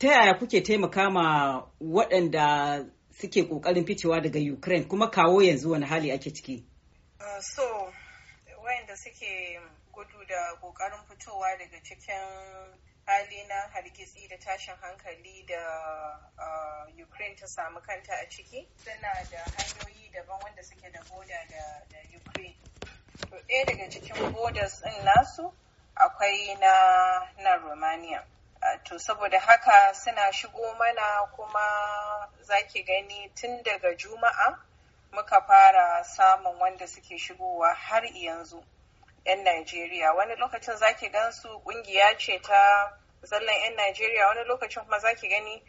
ta yaya kuke taimaka ma waɗanda suke ƙoƙarin ficewa daga ukraine kuma kawo yanzu wani hali ake ciki uh, so wayanda suke gudu da ƙoƙarin fitowa daga cikin hali na hargitsi da tashin hankali da uh, ukraine ta samu kanta a ciki suna da hanyoyi daban wanda suke da boda da, ukraine to ɗaya daga cikin bodas ɗin nasu akwai na romania to saboda haka suna shigo mana kuma zaki gani tun daga juma'a muka fara samun wanda suke shigowa har yanzu 'yan najeriya wani lokacin zaki gansu kungiya ce ta zallan 'yan najeriya wani lokacin kuma zaki gani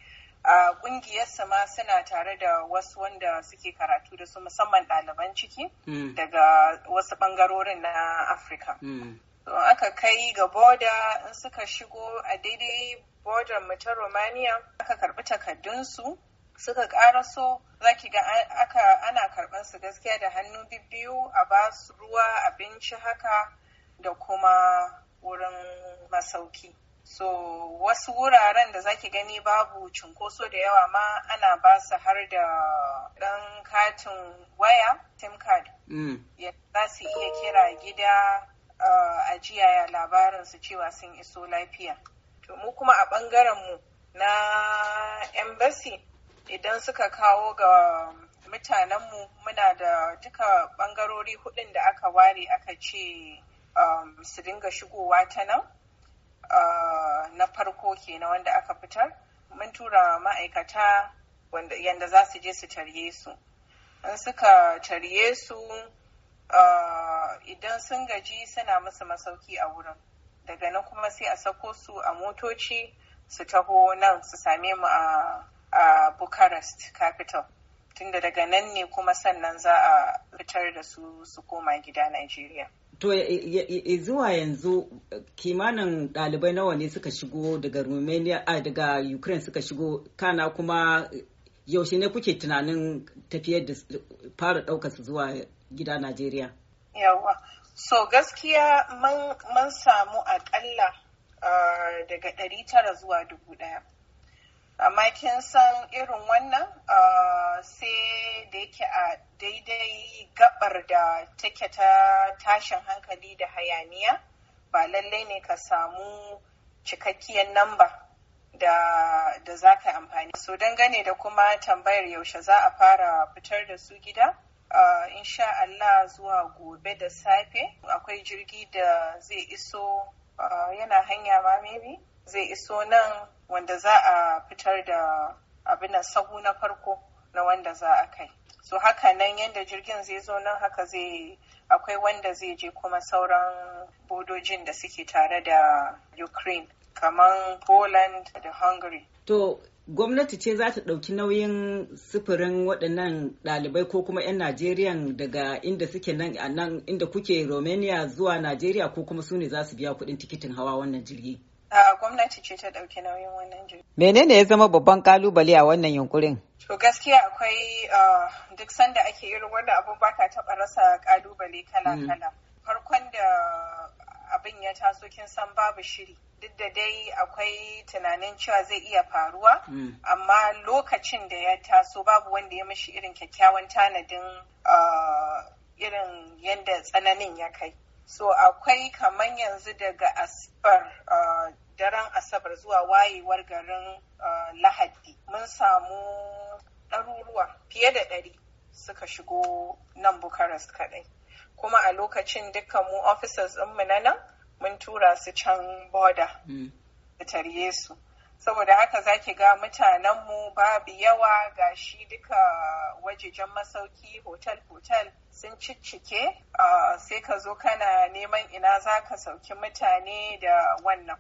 a kungiyarsa ma suna tare da wasu wanda suke karatu da su musamman ɗaliban ciki mm. daga wasu ɓangarorin na afirka mm. so aka kai ga boda in suka shigo a daidai bodar mu ta romania aka karbi takardunsu suka karaso za ki ga aka ana karban su gaskiya da hannu biyu a ba su ruwa abinci haka da kuma wurin masauki so wasu wuraren da zaki gani babu cunkoso da yawa ma ana ba su har da dan katin waya sim card mm. za su iya kira gida a jiya labarin su cewa sun iso lafiya to mu kuma a bangaren mu na embassy idan suka kawo ga mutanenmu muna da duka ɓangarori hudun da aka ware aka ce um, su dinga shigowa ta nan uh, na farko kenan wanda aka fitar mun tura ma'aikata yadda za su je su tarye su in suka tarye su Uh, idan sun gaji suna musu masauki a wurin daga nan kuma sai a sako su a motoci su taho nan su same mu a bucharest capital tunda daga nan ne kuma sannan za a fitar da su su koma gida nigeria to zuwa yanzu kimanin ɗalibai nawa ne suka shigo daga romania a daga ukraine suka shigo kana kuma yaushe ne kuke tunanin tafiyar da fara ɗaukar su zuwa gida Najeriya? Yawa. So gaskiya mun samu akalla ah, daga ɗari tara zuwa dubu ɗaya. Amma kin san irin wannan ah, sai da yake a daidai gabar da take ta tashin hankali da hayaniya ba lallai ne ka samu cikakkiyar namba da, da za ka amfani. So dangane da kuma tambayar yaushe za a fara fitar da su gida, Uh, insha Allah zuwa gobe da safe akwai jirgi da zai iso uh, yana hanya ma maybe zai iso nan wanda za a fitar da abin sahu na farko na wanda za a kai so haka nan yadda jirgin zai zo nan haka zai akwai wanda zai je kuma sauran bodojin da suke tare da ukraine kamar Poland da Hungary. To, gwamnati ce za ta ɗauki nauyin sufurin waɗannan ɗalibai ko kuma 'yan Najeriya daga inda suke nan inda kuke Romania zuwa Najeriya ko kuma su ne za su biya kuɗin tikitin hawa wannan jirgi? gwamnati ce ta ɗauki nauyin wannan jirgi. Menene ya zama babban kalubale a wannan yunkurin? To gaskiya akwai uh, duk sanda ake irin wanda abun ka taɓa rasa kalubale kala-kala. Mm. abin ya taso kin san babu shiri duk da dai akwai tunanin cewa zai iya faruwa hmm. amma lokacin da ya taso babu wanda ya mashi irin kyakkyawan tanadin ah, irin yadda tsananin ya kai so akwai kamar yanzu daga asabar ah, daren asabar zuwa wayewar garin ah, lahadi mun samu ɗaruruwa fiye da ɗari suka shigo nan bukaras kaɗai kuma a lokacin dukkan mu officers mu na nan mun tura su can border da hmm. tarye su saboda haka zaki ga mutanen mu babu yawa ga shi duka wajejen masauki hotel-hotel sun ciccike ah, sai ka zo kana neman ina za ka sauki mutane da wannan